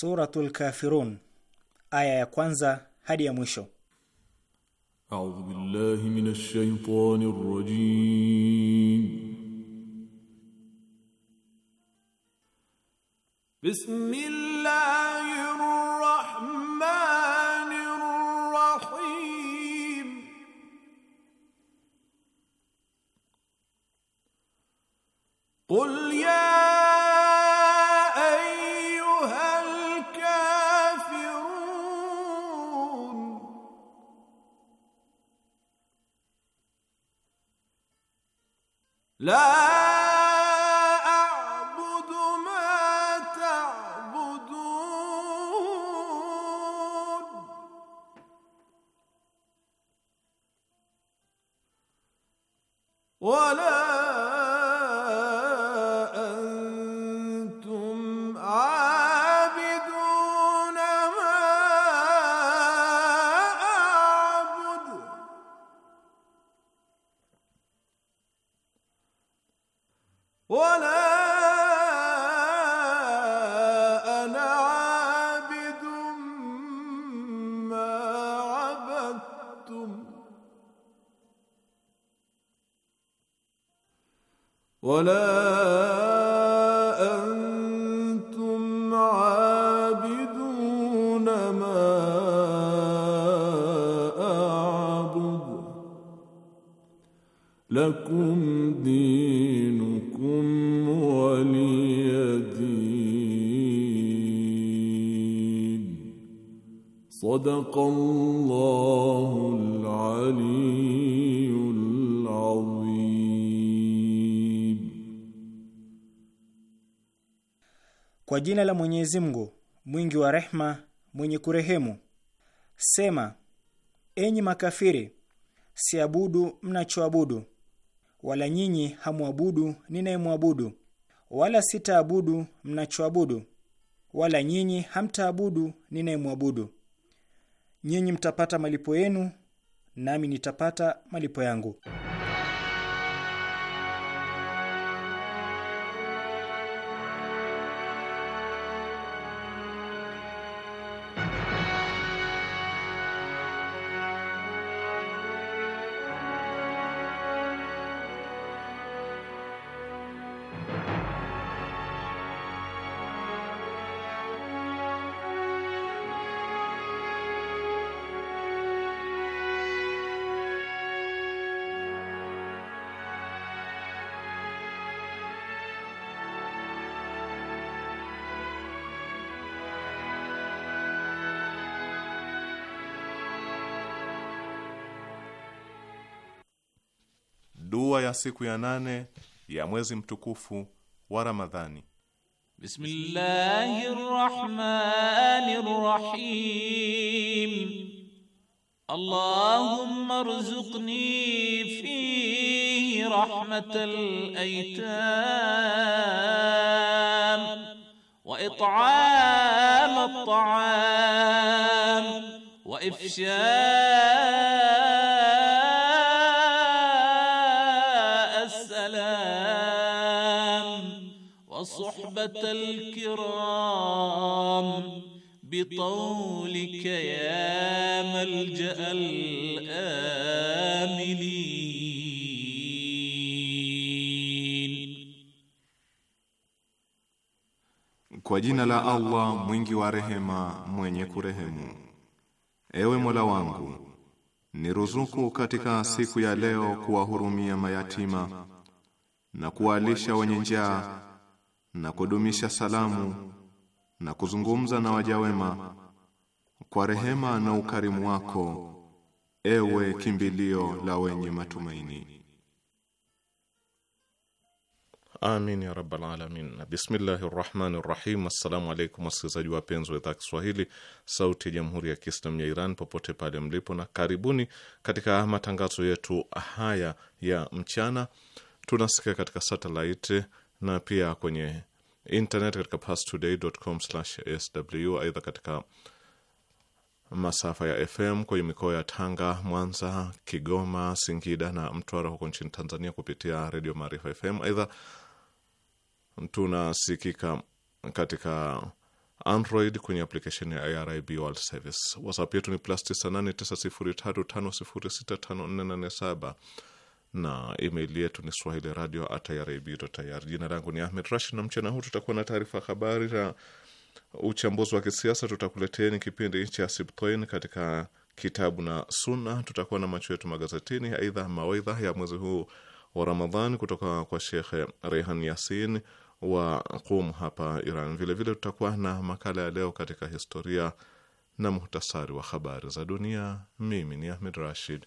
Suratul Kafirun aya ya kwanza hadi ya mwisho. A'udhu billahi minash shaitanir rajim. Bismillahirrahmanirrahim. Qul jina la Mwenyezi Mungu mwingi wa rehma mwenye kurehemu. Sema, enyi makafiri, siabudu mnachoabudu, wala nyinyi hamwabudu ninayemwabudu, wala sitaabudu mnachoabudu, wala nyinyi hamtaabudu ninayemwabudu. Nyinyi mtapata malipo yenu, nami nitapata malipo yangu. ya siku ya nane ya mwezi mtukufu wa Ramadhani. Bismillahir Rahmanir Rahim. Allahumma rzuqni fihi rahmatal aitam wa it'amat ta'am wa ifsha وصحبة الكرام بطولك يا ملجأ الآمنين Kwa jina la Allah mwingi wa rehema mwenye kurehemu Ewe Mola wangu niruzuku katika siku ya leo kuwahurumia mayatima na kuwalisha wenye njaa na kudumisha salamu na kuzungumza na waja wema kwa rehema na ukarimu wako, ewe kimbilio la wenye matumaini. Amin ya rabbal alamin. Bismillahir rahmanir rahim. Assalamu alaikum wasikilizaji wapenzi wa idhaa Kiswahili sauti ya jamhuri ya Kiislamu ya Iran popote pale mlipo, na karibuni katika matangazo yetu haya ya mchana. Tunasikia katika satellite na pia kwenye internet katika pastoday.com/sw. Aidha, katika masafa ya FM kwenye mikoa ya Tanga, Mwanza, Kigoma, Singida na Mtwara huko nchini Tanzania kupitia Redio Maarifa FM. Aidha, tunasikika katika Android kwenye application ya IRIB World Service. WhatsApp yetu ni plus 98 903 506 5487 na email yetu ni swahili radio atiribtayari. Jina langu ni Ahmed Rashid, na mchana huu tutakuwa na taarifa habari na uchambuzi wa kisiasa. Tutakuleteni kipindi cha Sibtoin katika kitabu na Sunna, tutakuwa na macho yetu magazetini, aidha mawaidha ya mwezi huu wa Ramadhani kutoka kwa Shekhe Rehan Yasin wa Qum hapa Iran. Vilevile vile tutakuwa na makala ya leo katika historia na muhtasari wa habari za dunia. Mimi ni Ahmed Rashid.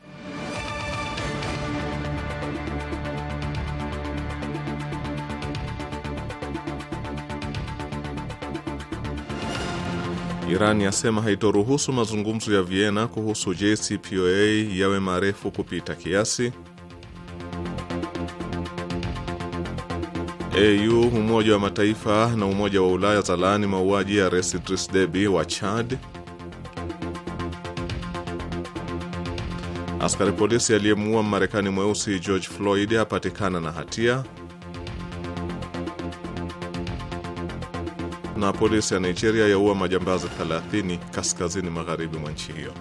Iran yasema haitoruhusu mazungumzo ya Vienna kuhusu JCPOA yawe marefu kupita kiasi. AU, Umoja wa Mataifa na Umoja wa Ulaya zalaani mauaji ya Rais Idris Deby wa Chad. Askari polisi aliyemuua Marekani mweusi George Floyd apatikana na hatia. na polisi ya Nigeria yaua majambazi 30 kaskazini magharibi mwa nchi hiyo.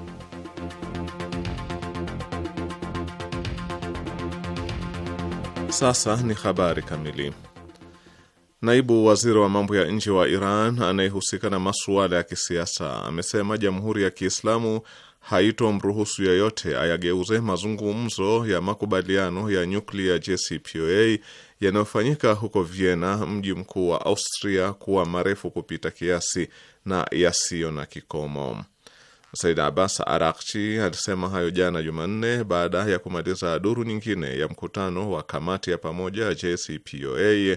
Sasa ni habari kamili. Naibu waziri wa mambo ya nje wa Iran anayehusika na masuala ya kisiasa amesema Jamhuri ya Kiislamu haitomruhusu yeyote ayageuze mazungumzo ya makubaliano ya nyuklia JCPOA yanayofanyika huko Vienna, mji mkuu wa Austria, kuwa marefu kupita kiasi na yasiyo na kikomo. Said Abbas Arakchi alisema hayo jana Jumanne baada ya kumaliza duru nyingine ya mkutano wa kamati ya pamoja JCPOA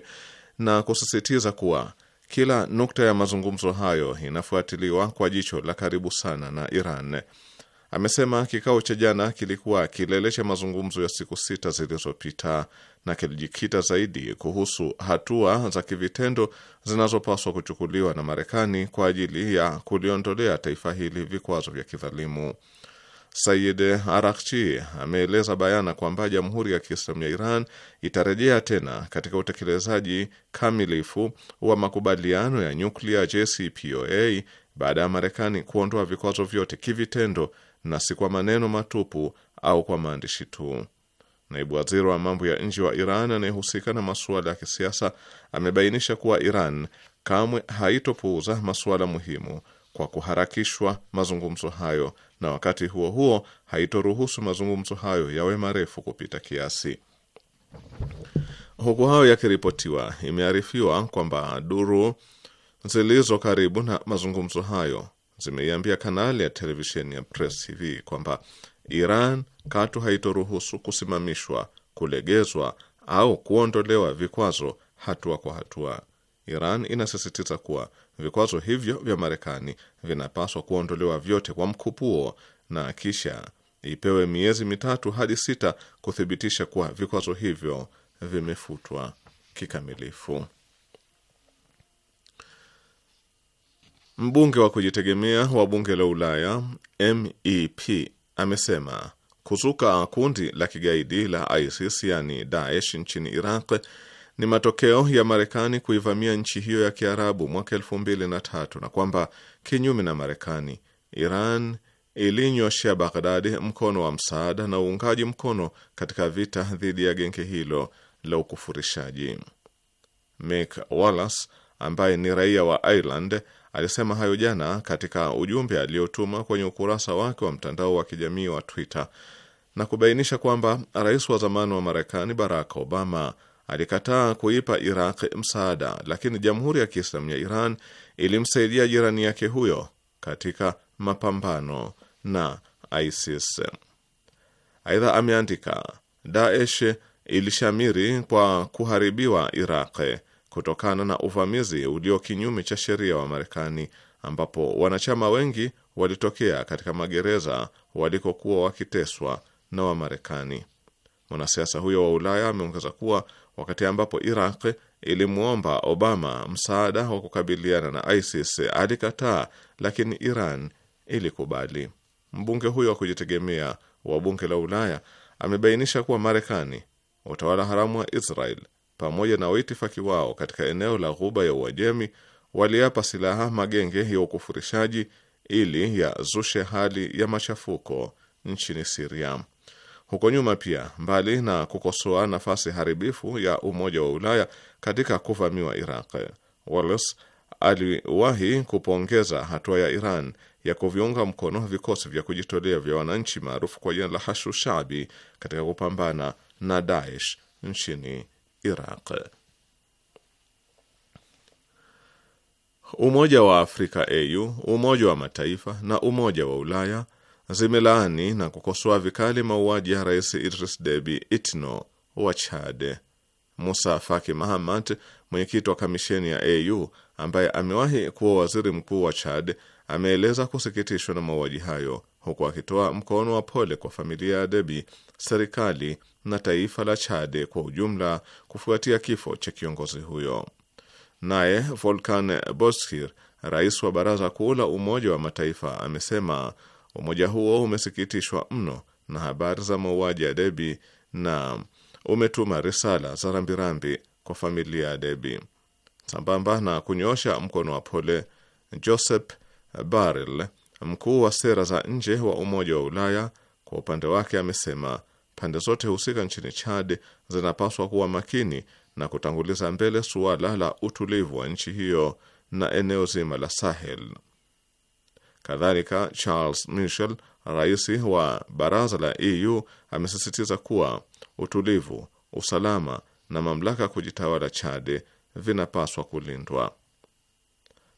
na kusisitiza kuwa kila nukta ya mazungumzo hayo inafuatiliwa kwa jicho la karibu sana na Iran. Amesema kikao cha jana kilikuwa kilele cha mazungumzo ya siku sita zilizopita na kilijikita zaidi kuhusu hatua za kivitendo zinazopaswa kuchukuliwa na Marekani kwa ajili ya kuliondolea taifa hili vikwazo vya kidhalimu. Sayid Arakchi ameeleza bayana kwamba Jamhuri ya Kiislamu ya Iran itarejea tena katika utekelezaji kamilifu wa makubaliano ya nyuklia JCPOA baada ya Marekani kuondoa vikwazo vyote kivitendo na si kwa maneno matupu au kwa maandishi tu. Naibu waziri wa mambo ya nje wa Iran anayehusika na masuala ya kisiasa amebainisha kuwa Iran kamwe haitopuuza masuala muhimu kwa kuharakishwa mazungumzo hayo, na wakati huo huo haitoruhusu mazungumzo hayo yawe marefu kupita kiasi. Huku hayo yakiripotiwa, imearifiwa kwamba duru zilizo karibu na mazungumzo hayo zimeiambia kanali ya televisheni ya Press TV kwamba Iran katu haitoruhusu kusimamishwa, kulegezwa au kuondolewa vikwazo hatua kwa hatua. Iran inasisitiza kuwa vikwazo hivyo vya Marekani vinapaswa kuondolewa vyote kwa mkupuo na kisha ipewe miezi mitatu hadi sita kuthibitisha kuwa vikwazo hivyo vimefutwa kikamilifu. Mbunge wa kujitegemea wa bunge la Ulaya MEP amesema kuzuka kundi la kigaidi la ISIS yani Daesh nchini Iraq ni matokeo ya Marekani kuivamia nchi hiyo ya Kiarabu mwaka elfu mbili na tatu na kwamba kinyume na Marekani, Iran ilinyoshea Baghdadi mkono wa msaada na uungaji mkono katika vita dhidi ya genge hilo la ukufurishaji. Mick Wallace ambaye ni raia wa Ireland Alisema hayo jana katika ujumbe aliotuma kwenye ukurasa wake wa mtandao wa kijamii wa Twitter na kubainisha kwamba rais wa zamani wa Marekani Barack Obama alikataa kuipa Iraq msaada, lakini Jamhuri ya Kiislamu ya Iran ilimsaidia jirani yake huyo katika mapambano na ISIS. Aidha ameandika Daesh ilishamiri kwa kuharibiwa Iraq kutokana na uvamizi ulio kinyume cha sheria wa Marekani, ambapo wanachama wengi walitokea katika magereza walikokuwa wakiteswa na Wamarekani. Mwanasiasa huyo wa Ulaya ameongeza kuwa wakati ambapo Iraq ilimwomba Obama msaada wa kukabiliana na ISIS alikataa, lakini Iran ilikubali. Mbunge huyo wa kujitegemea wa bunge la Ulaya amebainisha kuwa Marekani, utawala haramu wa Israel pamoja na waitifaki wao katika eneo la Ghuba ya Uajemi waliapa silaha magenge ya ukufurishaji ili yazushe hali ya machafuko nchini Siria. Huko nyuma pia, mbali na kukosoa nafasi haribifu ya Umoja wa Ulaya katika kuvamiwa Iraq, Wallace aliwahi kupongeza hatua ya Iran ya kuviunga mkono vikosi vya kujitolea vya wananchi maarufu kwa jina la Hashu Shabi katika kupambana na Daesh nchini Iraq. Umoja wa Afrika au Umoja wa Mataifa na Umoja wa Ulaya zimelaani na kukosoa vikali mauaji ya Rais Idris Deby Itno wa Chad. Musa Faki Mahamat, mwenyekiti wa kamisheni ya AU ambaye amewahi kuwa waziri mkuu wa Chad, ameeleza kusikitishwa na mauaji hayo huku akitoa mkono wa pole kwa familia ya Debi, serikali na taifa la Chade kwa ujumla kufuatia kifo cha kiongozi huyo. Naye Volkan Boskir, rais wa Baraza Kuu la Umoja wa Mataifa, amesema umoja huo umesikitishwa mno na habari za mauaji ya Debi na umetuma risala za rambirambi kwa familia ya Debi. Sambamba na kunyoosha mkono wa pole, Joseph Barel, mkuu wa sera za nje wa Umoja wa Ulaya, kwa upande wake amesema pande zote husika nchini Chad zinapaswa kuwa makini na kutanguliza mbele suala la utulivu wa nchi hiyo na eneo zima la Sahel. Kadhalika, Charles Michel, rais wa baraza la EU, amesisitiza kuwa utulivu, usalama na mamlaka kujitawala Chad vinapaswa kulindwa.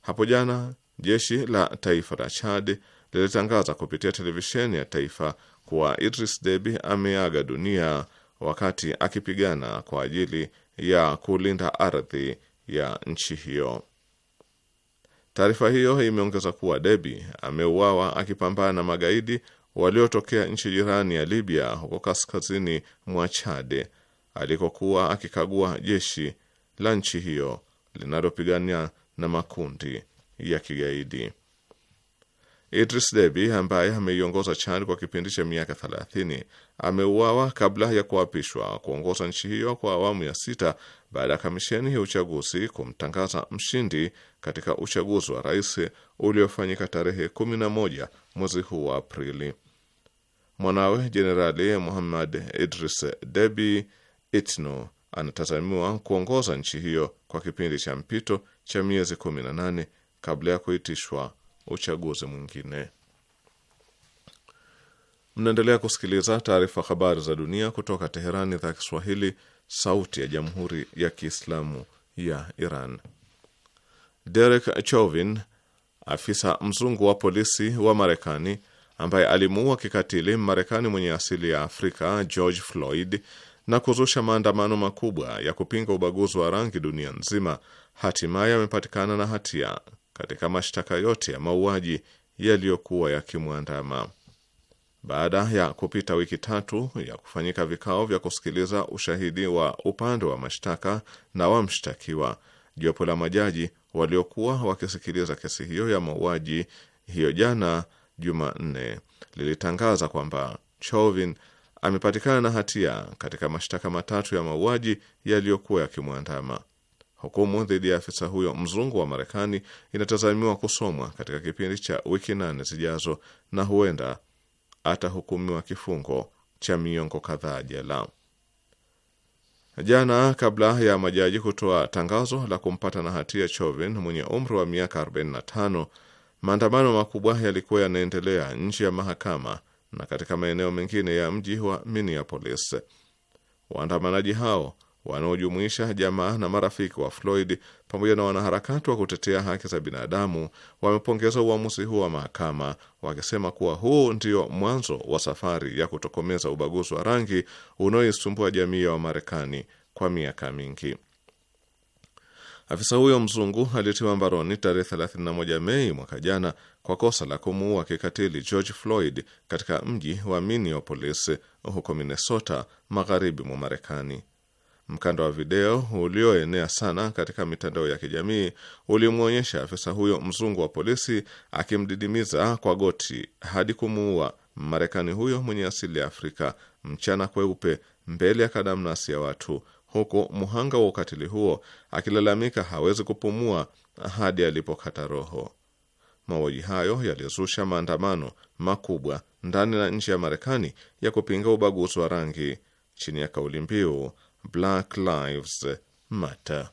Hapo jana Jeshi la taifa la Chad lilitangaza kupitia televisheni ya taifa kuwa Idris Deby ameaga dunia wakati akipigana kwa ajili ya kulinda ardhi ya nchi hiyo. Taarifa hiyo imeongeza kuwa Deby ameuawa akipambana na magaidi waliotokea nchi jirani ya Libya huko kaskazini mwa chad alikokuwa akikagua jeshi la nchi hiyo linalopigania na makundi ya kigaidi. Idris Deby ambaye ameiongoza Chad kwa kipindi cha miaka 30 ameuawa kabla ya kuapishwa kuongoza nchi hiyo kwa awamu ya sita baada ya kamisheni ya uchaguzi kumtangaza mshindi katika uchaguzi wa rais uliofanyika tarehe 11 mwezi huu wa Aprili. Mwanawe Jenerali Muhammad Idris Deby Itno anatazamiwa kuongoza nchi hiyo kwa kipindi cha mpito cha miezi 18 kabla ya kuitishwa uchaguzi mwingine. Mnaendelea kusikiliza taarifa habari za dunia kutoka Teherani za Kiswahili, sauti ya jamhuri ya kiislamu ya Iran. Derek Chauvin, afisa mzungu wa polisi wa Marekani ambaye alimuua kikatili Marekani mwenye asili ya Afrika George Floyd na kuzusha maandamano makubwa ya kupinga ubaguzi wa rangi dunia nzima, hatimaye amepatikana na hatia katika mashtaka yote ya mauaji yaliyokuwa yakimwandama. Baada ya kupita wiki tatu ya kufanyika vikao vya kusikiliza ushahidi wa upande wa mashtaka na wa mshtakiwa, jopo la majaji waliokuwa wakisikiliza kesi hiyo ya mauaji hiyo jana Jumanne lilitangaza kwamba Chauvin amepatikana na hatia katika mashtaka matatu ya mauaji yaliyokuwa yakimwandama. Hukumu dhidi ya afisa huyo mzungu wa Marekani inatazamiwa kusomwa katika kipindi cha wiki nane zijazo na huenda atahukumiwa kifungo cha miongo kadhaa jela. Jana kabla ya majaji kutoa tangazo la kumpata na hatia Chauvin mwenye umri wa miaka 45, maandamano makubwa yalikuwa yanaendelea nje ya mahakama na katika maeneo mengine ya mji wa Minneapolis. Waandamanaji hao wanaojumuisha jamaa na marafiki wa Floyd pamoja na wanaharakati wa kutetea haki za binadamu wamepongeza uamuzi huo wa mahakama, wakisema kuwa huu ndio mwanzo wa safari ya kutokomeza ubaguzi wa rangi unaoisumbua jamii ya Wamarekani kwa miaka mingi. Afisa huyo mzungu aliyetiwa mbaroni tarehe 31 Mei mwaka jana kwa kosa la kumuua kikatili George Floyd katika mji wa Minneapolis huko Minnesota, magharibi mwa Marekani. Mkanda wa video ulioenea sana katika mitandao ya kijamii ulimwonyesha afisa huyo mzungu wa polisi akimdidimiza kwa goti hadi kumuua Marekani huyo mwenye asili ya Afrika mchana kweupe mbele ya kadamnasi ya watu, huku mhanga wa ukatili huo akilalamika hawezi kupumua hadi alipokata roho. Mauaji hayo yalizusha maandamano makubwa ndani na nje ya Marekani ya kupinga ubaguzi wa rangi chini ya kauli mbiu Black Lives Matter.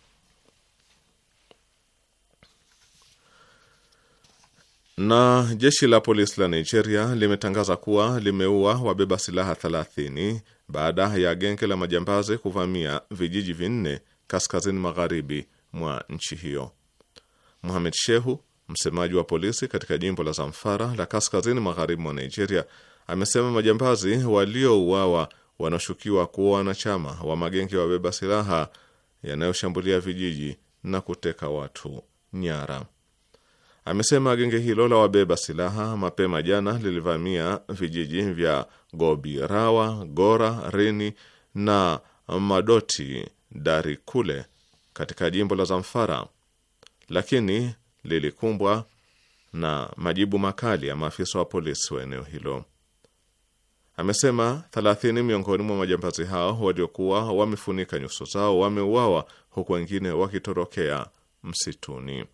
Na jeshi la polisi la Nigeria limetangaza kuwa limeua wabeba silaha 30 baada ya genge la majambazi kuvamia vijiji vinne kaskazini magharibi mwa nchi hiyo. Mohamed Shehu, msemaji wa polisi katika jimbo la Zamfara la kaskazini magharibi mwa Nigeria, amesema majambazi waliouawa wanaoshukiwa kuwa wanachama wa magenge wabeba silaha yanayoshambulia vijiji na kuteka watu nyara. Amesema genge hilo la wabeba silaha mapema jana lilivamia vijiji vya Gobirawa, Gora, Rini na Madoti Darikule katika jimbo la Zamfara, lakini lilikumbwa na majibu makali ya maafisa wa polisi wa eneo hilo. Amesema thelathini miongoni mwa majambazi hao waliokuwa wamefunika nyuso zao wameuawa huku wengine wakitorokea msituni.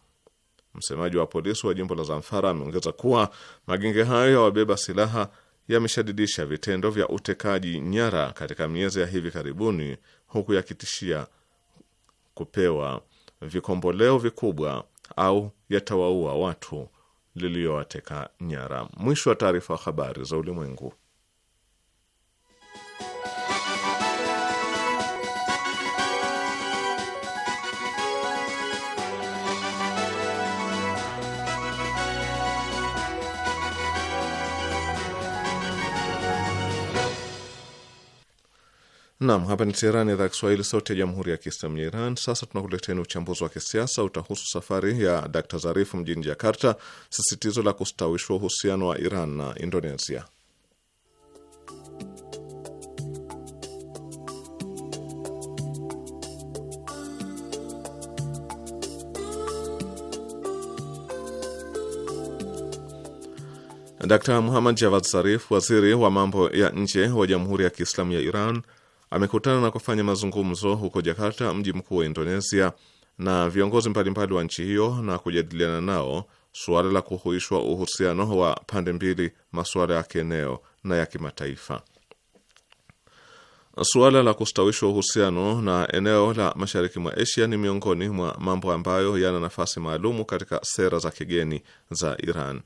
Msemaji wa polisi wa jimbo la Zamfara ameongeza kuwa magenge hayo ya wabeba silaha yameshadidisha vitendo vya utekaji nyara katika miezi ya hivi karibuni, huku yakitishia kupewa vikomboleo vikubwa au yatawaua watu liliyowateka nyara. Mwisho wa taarifa. Habari za Ulimwengu. Naam, hapa ni Teherani, idhaa Kiswahili, sauti ya jamhuri ya kiislamu ya Iran. Sasa tunakuleteni uchambuzi wa kisiasa utahusu safari ya Dr Zarifu mjini Jakarta, sisitizo la kustawishwa uhusiano wa Iran na Indonesia. Dr Muhammad Javad Zarif, waziri wa mambo ya nje wa Jamhuri ya Kiislamu ya Iran, amekutana na kufanya mazungumzo huko Jakarta, mji mkuu wa Indonesia, na viongozi mbalimbali wa nchi hiyo na kujadiliana nao suala la kuhuishwa uhusiano wa pande mbili, masuala ya kieneo na ya kimataifa. Suala la kustawishwa uhusiano na eneo la mashariki mwa Asia ni miongoni mwa mambo ambayo yana nafasi maalumu katika sera za kigeni za Iran.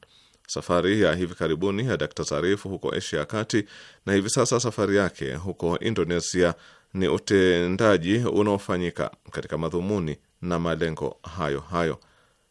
Safari ya hivi karibuni ya Dakta Zarifu huko Asia ya Kati na hivi sasa safari yake huko Indonesia ni utendaji unaofanyika katika madhumuni na malengo hayo hayo.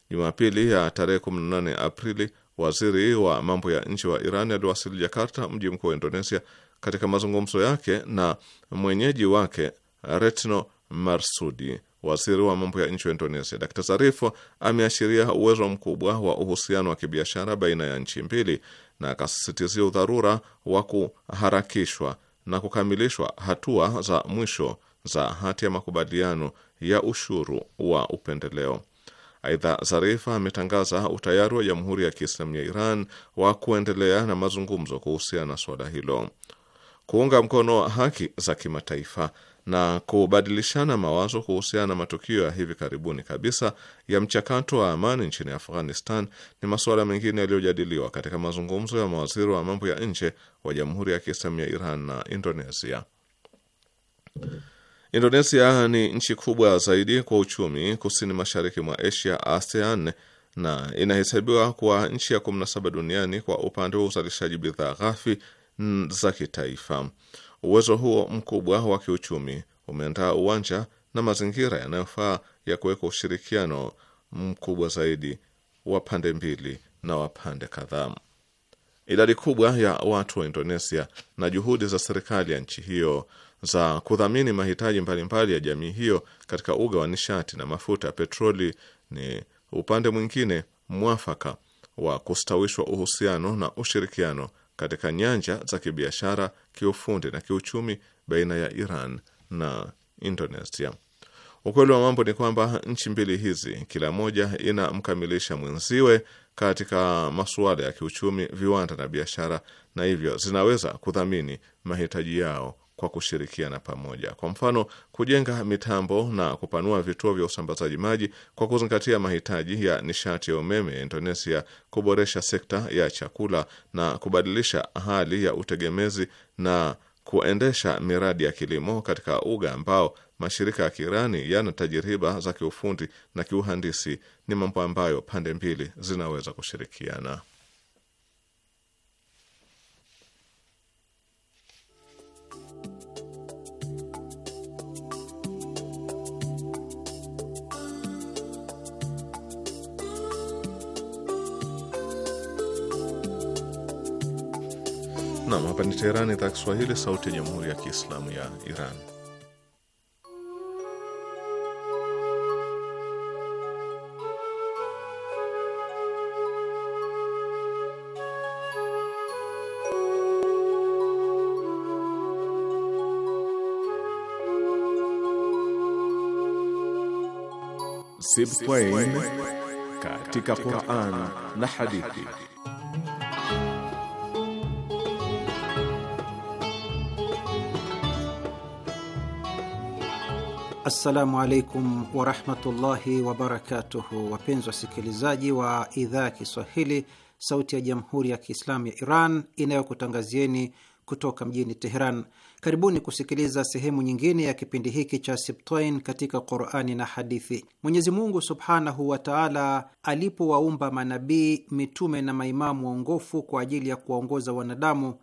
Jumapili ya tarehe 18 Aprili, waziri wa mambo ya nchi wa Iran aliwasili Jakarta, mji mkuu wa Indonesia, katika mazungumzo yake na mwenyeji wake Retno Marsudi Waziri wa mambo ya nchi wa Indonesia Dr Zarif ameashiria uwezo mkubwa wa uhusiano wa kibiashara baina ya nchi mbili na akasisitizia udharura wa kuharakishwa na kukamilishwa hatua za mwisho za hati ya makubaliano ya ushuru wa upendeleo. Aidha, zarif ametangaza utayari wa Jamhuri ya Kiislamu ya Iran wa kuendelea na mazungumzo kuhusiana na suala hilo. Kuunga mkono haki za kimataifa na kubadilishana mawazo kuhusiana na matukio ya hivi karibuni kabisa ya mchakato wa amani nchini Afghanistan ni masuala mengine yaliyojadiliwa katika mazungumzo ya mawaziri wa mambo ya nje wa Jamhuri ya Kiislamu ya Iran na Indonesia. Indonesia ni nchi kubwa zaidi kwa uchumi kusini mashariki mwa Asia, ASEAN, na inahesabiwa kuwa nchi ya 17 duniani kwa upande wa uzalishaji bidhaa ghafi za kitaifa. Uwezo huo mkubwa wa kiuchumi umeandaa uwanja na mazingira yanayofaa ya kuweka ushirikiano mkubwa zaidi wa pande mbili na wa pande kadhaa. Idadi kubwa ya watu wa Indonesia na juhudi za serikali ya nchi hiyo za kudhamini mahitaji mbalimbali ya jamii hiyo katika uga wa nishati na mafuta ya petroli ni upande mwingine mwafaka wa kustawishwa uhusiano na ushirikiano katika nyanja za kibiashara, kiufundi na kiuchumi baina ya Iran na Indonesia. Ukweli wa mambo ni kwamba nchi mbili hizi kila moja inamkamilisha mwenziwe katika masuala ya kiuchumi, viwanda na biashara, na hivyo zinaweza kudhamini mahitaji yao kwa kushirikiana pamoja. Kwa mfano, kujenga mitambo na kupanua vituo vya usambazaji maji kwa kuzingatia mahitaji ya nishati ya umeme ya Indonesia, kuboresha sekta ya chakula na kubadilisha hali ya utegemezi na kuendesha miradi ya kilimo katika uga ambao mashirika ya kirani yana tajiriba za kiufundi na kiuhandisi ni mambo ambayo pande mbili zinaweza kushirikiana. Nam, hapa ni Teherani, idhaa Kiswahili, sauti ya jamhuri ya kiislamu ya Iran. Sibtain katika Quran na hadithi Assalamu alaikum warahmatullahi wabarakatuhu, wapenzi wasikilizaji wa idhaa ya Kiswahili, Sauti ya Jamhuri ya Kiislamu ya Iran inayokutangazieni kutoka mjini Teheran. Karibuni kusikiliza sehemu nyingine ya kipindi hiki cha Sibtain katika Qurani na hadithi. Mwenyezi Mungu subhanahu wa taala alipowaumba manabii, mitume na maimamu waongofu kwa ajili ya kuwaongoza wanadamu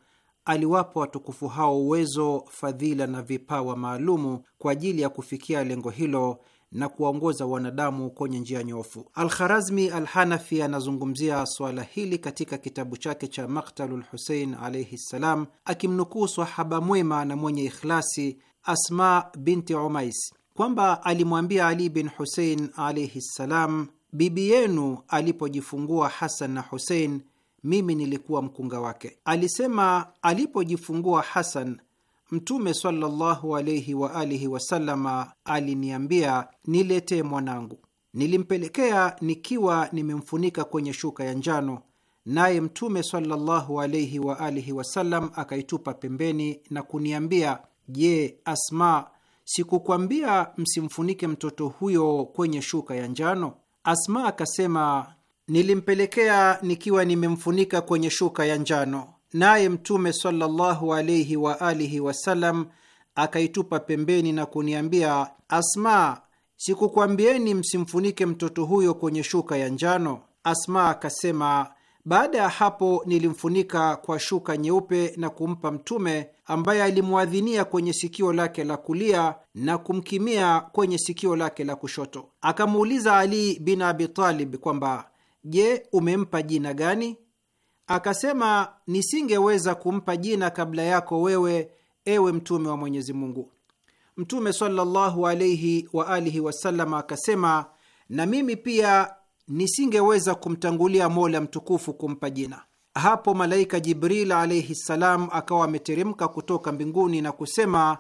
aliwapa watukufu hao uwezo, fadhila na vipawa maalumu kwa ajili ya kufikia lengo hilo na kuwaongoza wanadamu kwenye njia nyofu. Alkharazmi Alhanafi anazungumzia swala hili katika kitabu chake cha Maktalu Lhusein alaihi ssalam, akimnukuu swahaba mwema na mwenye ikhlasi Asma binti Umais kwamba alimwambia Ali bin Husein alaihi ssalam, bibi yenu alipojifungua Hasan na Husein mimi nilikuwa mkunga wake. Alisema alipojifungua Hasan, Mtume sallallahu alaihi wasalama aliniambia niletee mwanangu. Nilimpelekea nikiwa nimemfunika kwenye shuka ya njano, naye Mtume sallallahu alaihi wasalam akaitupa pembeni na kuniambia, Je, Asma, sikukwambia msimfunike mtoto huyo kwenye shuka ya njano? Asma akasema nilimpelekea nikiwa nimemfunika kwenye shuka ya njano, naye Mtume sallallahu alaihi wa alihi wasallam akaitupa pembeni na kuniambia, Asma, sikukwambieni msimfunike mtoto huyo kwenye shuka ya njano? Asma akasema baada ya hapo nilimfunika kwa shuka nyeupe na kumpa Mtume, ambaye alimwadhinia kwenye sikio lake la kulia na kumkimia kwenye sikio lake la kushoto. Akamuuliza Ali bin Abi Talib kwamba Je, umempa jina gani? Akasema, nisingeweza kumpa jina kabla yako wewe, ewe mtume wa Mwenyezi Mungu. Mtume sallallahu alaihi wa alihi wasallam akasema, na mimi pia nisingeweza kumtangulia Mola mtukufu kumpa jina. Hapo malaika Jibril alaihi ssalam akawa ameteremka kutoka mbinguni na kusema,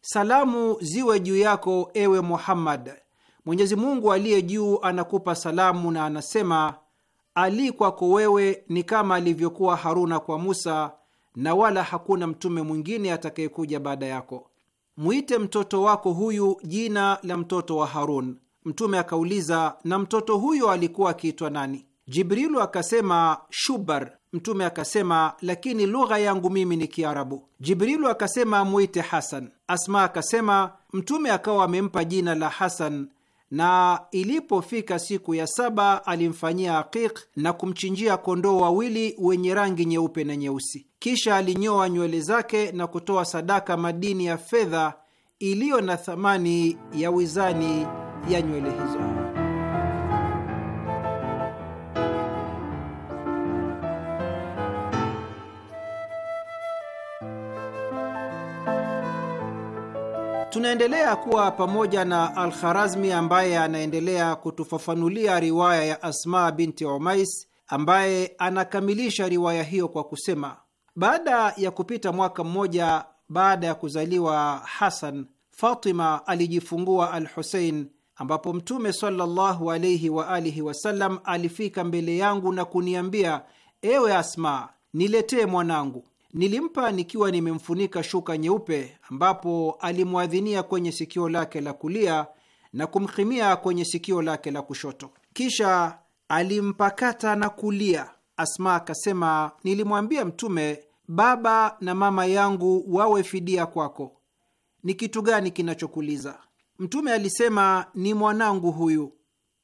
salamu ziwe juu yako ewe Muhammad Mwenyezi Mungu aliye juu anakupa salamu na anasema, Ali kwako wewe ni kama alivyokuwa Haruna kwa Musa, na wala hakuna mtume mwingine atakayekuja baada yako. Mwite mtoto wako huyu jina la mtoto wa Harun. Mtume akauliza, na mtoto huyo alikuwa akiitwa nani? Jibrilu akasema Shubar. Mtume akasema, lakini lugha yangu mimi ni Kiarabu. Jibrilu akasema, mwite Hasan. Asma akasema, Mtume akawa amempa jina la Hasan na ilipofika siku ya saba alimfanyia akik na kumchinjia kondoo wawili wenye rangi nyeupe na nyeusi. Kisha alinyoa nywele zake na kutoa sadaka madini ya fedha iliyo na thamani ya wizani ya nywele hizo. Tunaendelea kuwa pamoja na Alkharazmi ambaye anaendelea kutufafanulia riwaya ya Asma binti Umais ambaye anakamilisha riwaya hiyo kwa kusema, baada ya kupita mwaka mmoja baada ya kuzaliwa Hasan, Fatima alijifungua al Husein, ambapo Mtume sallallahu alaihi wa alihi wasallam alifika mbele yangu na kuniambia, ewe Asma, niletee mwanangu. Nilimpa nikiwa nimemfunika shuka nyeupe, ambapo alimwadhinia kwenye sikio lake la kulia na kumhimia kwenye sikio lake la kushoto, kisha alimpakata na kulia. Asma akasema, nilimwambia Mtume, baba na mama yangu wawe fidia kwako, ni kitu gani kinachokuliza? Mtume alisema, ni mwanangu huyu.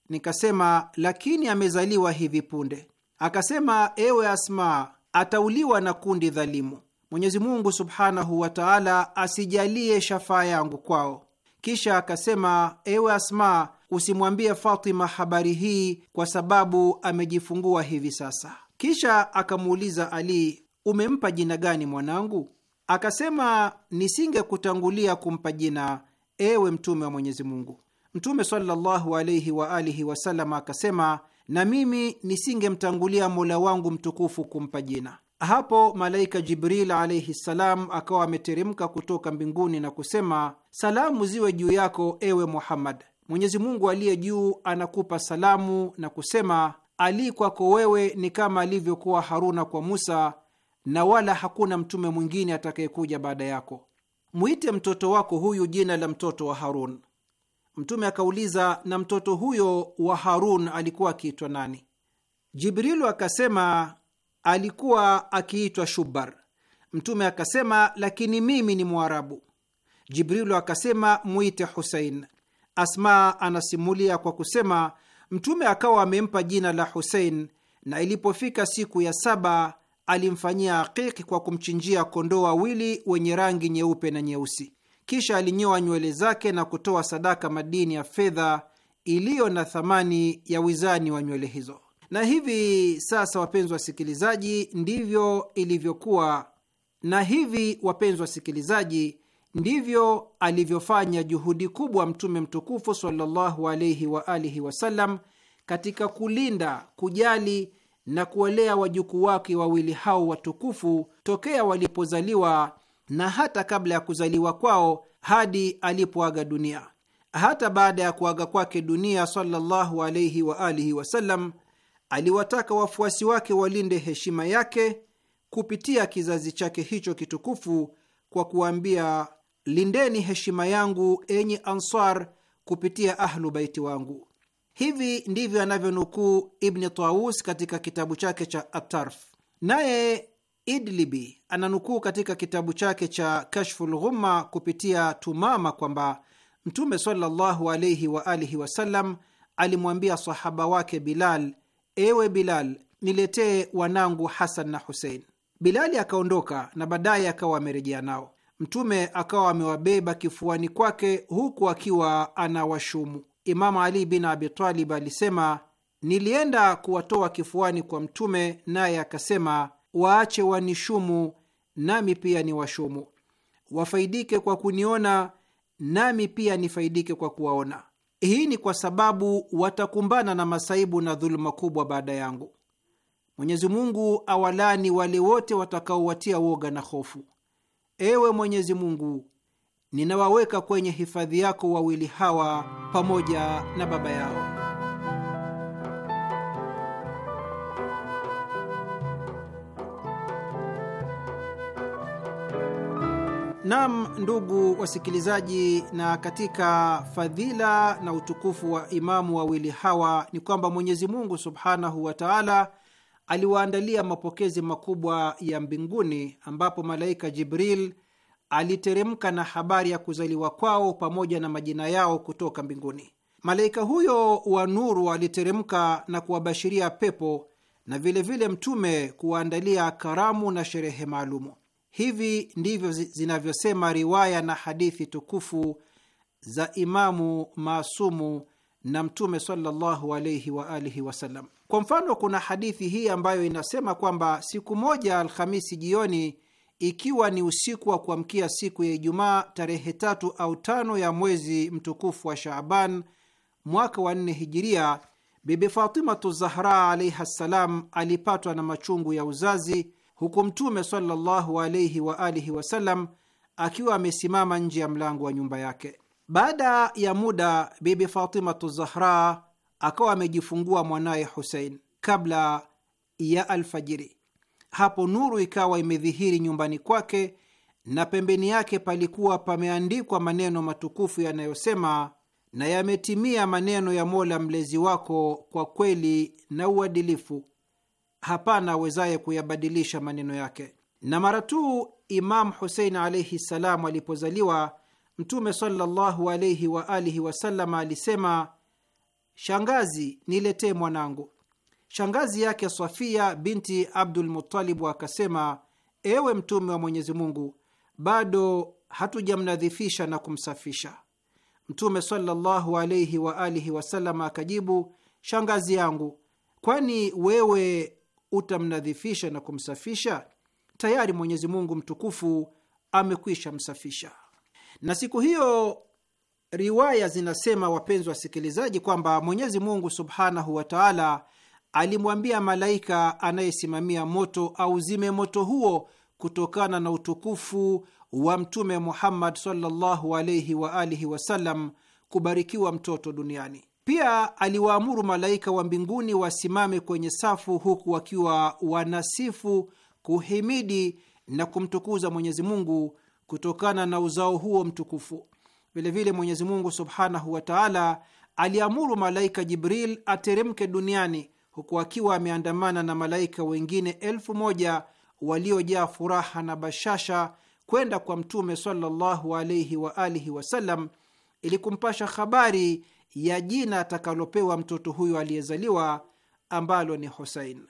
Nikasema, lakini amezaliwa hivi punde. Akasema, ewe Asma, atauliwa na kundi dhalimu. Mwenyezi Mungu subhanahu wa taala asijalie shafaa yangu kwao. Kisha akasema, ewe Asma, usimwambie Fatima habari hii kwa sababu amejifungua hivi sasa. Kisha akamuuliza Ali, umempa jina gani mwanangu? Akasema, nisingekutangulia kumpa jina, ewe Mtume wa Mwenyezi Mungu. Mtume sallallahu alaihi wasallam akasema na mimi nisingemtangulia Mola wangu mtukufu kumpa jina. Hapo malaika Jibril alaihi ssalam akawa ameteremka kutoka mbinguni na kusema, salamu ziwe juu yako ewe Muhammad, Mwenyezi Mungu aliye juu anakupa salamu na kusema, Ali kwako wewe ni kama alivyokuwa Haruna kwa Musa, na wala hakuna mtume mwingine atakayekuja baada yako. Mwite mtoto wako huyu jina la mtoto wa Harun. Mtume akauliza, na mtoto huyo wa Harun alikuwa akiitwa nani? Jibrilu akasema, alikuwa akiitwa Shubar. Mtume akasema, lakini mimi ni Mwarabu. Jibrilu akasema, mwite Husein. Asma anasimulia kwa kusema, Mtume akawa amempa jina la Husein, na ilipofika siku ya saba alimfanyia akiki kwa kumchinjia kondoo wawili wenye rangi nyeupe na nyeusi. Kisha alinyoa nywele zake na kutoa sadaka madini ya fedha iliyo na thamani ya wizani wa nywele hizo. Na hivi sasa, wapenzi wasikilizaji, ndivyo ilivyokuwa, na hivi wapenzi wasikilizaji, ndivyo alivyofanya juhudi kubwa Mtume mtukufu sallallahu alaihi wa alihi wasallam katika kulinda, kujali na kuwalea wajukuu wake wawili hao watukufu tokea walipozaliwa na hata kabla ya kuzaliwa kwao hadi alipoaga dunia. Hata baada ya kuaga kwake dunia sallallahu wa alihi wasallam, aliwataka wafuasi wake walinde heshima yake kupitia kizazi chake hicho kitukufu kwa kuwambia lindeni heshima yangu enyi Ansar kupitia Ahlu Baiti wangu. Hivi ndivyo anavyonukuu Ibni Taus katika kitabu chake cha Atarf. Naye Idlibi ananukuu katika kitabu chake cha Kashful Ghumma kupitia Tumama kwamba Mtume sallallahu alaihi wa alihi wasallam alimwambia sahaba wake Bilal, ewe Bilal, niletee wanangu Hasan na Husein. Bilali akaondoka na baadaye akawa amerejea nao. Mtume akawa amewabeba kifuani kwake huku akiwa anawashumu. Imamu Ali bin Abitalib alisema, nilienda kuwatoa kifuani kwa Mtume, naye akasema waache wanishumu, nami pia ni washumu; wafaidike kwa kuniona, nami pia nifaidike kwa kuwaona. Hii ni kwa sababu watakumbana na masaibu na dhuluma kubwa baada yangu. Mwenyezi Mungu awalani wale wote watakaowatia woga na hofu. Ewe Mwenyezi Mungu, ninawaweka kwenye hifadhi yako wawili hawa pamoja na baba yao. Nam, ndugu wasikilizaji, na katika fadhila na utukufu wa imamu wawili hawa ni kwamba Mwenyezi Mungu subhanahu wa taala aliwaandalia mapokezi makubwa ya mbinguni, ambapo malaika Jibril aliteremka na habari ya kuzaliwa kwao pamoja na majina yao kutoka mbinguni. Malaika huyo wa nuru aliteremka na kuwabashiria pepo na vilevile vile mtume kuwaandalia karamu na sherehe maalumu. Hivi ndivyo zinavyosema riwaya na hadithi tukufu za Imamu Masumu na Mtume sallallahu alaihi wa alihi wasallam. Kwa mfano, kuna hadithi hii ambayo inasema kwamba siku moja Alhamisi jioni, ikiwa ni usiku wa kuamkia siku ya Ijumaa tarehe tatu au tano ya mwezi mtukufu wa Shaaban mwaka wa nne hijiria, Bibi Fatimatu Zahra alaihi ssalam alipatwa na machungu ya uzazi huku Mtume sallallahu alaihi wa alihi wasallam akiwa amesimama nje ya mlango wa nyumba yake. Baada ya muda, Bibi Fatimatu Zahra akawa amejifungua mwanaye Husein kabla ya alfajiri. Hapo nuru ikawa imedhihiri nyumbani kwake na pembeni yake palikuwa pameandikwa maneno matukufu yanayosema, na yametimia maneno ya Mola mlezi wako kwa kweli na uadilifu hapana awezaye kuyabadilisha maneno yake. Na mara tu Imamu Husein alaihi ssalam alipozaliwa, Mtume sallallahu alaihi wa alihi wasallama alisema, shangazi, niletee mwanangu. Shangazi yake Safia binti Abdul Muttalibu akasema, ewe Mtume wa Mwenyezi Mungu, bado hatujamnadhifisha na kumsafisha. Mtume sallallahu alaihi wa alihi wasallama akajibu, shangazi yangu, kwani wewe utamnadhifisha na kumsafisha? Tayari Mwenyezi Mungu mtukufu amekwisha msafisha. Na siku hiyo riwaya zinasema, wapenzi wasikilizaji, kwamba Mwenyezi Mungu subhanahu wa taala alimwambia malaika anayesimamia moto auzime moto huo kutokana na utukufu wa Mtume Muhammad sallallahu alaihi waalihi wasallam, kubarikiwa mtoto duniani. Pia aliwaamuru malaika wa mbinguni wasimame kwenye safu, huku wakiwa wanasifu, kuhimidi na kumtukuza Mwenyezi Mungu kutokana na uzao huo mtukufu. Vilevile Mwenyezi Mungu subhanahu wa taala aliamuru malaika Jibril ateremke duniani huku akiwa ameandamana na malaika wengine elfu moja waliojaa furaha na bashasha kwenda kwa Mtume sallallahu alaihi waalihi wasallam ili kumpasha habari ya jina atakalopewa mtoto huyo aliyezaliwa ambalo ni Husein.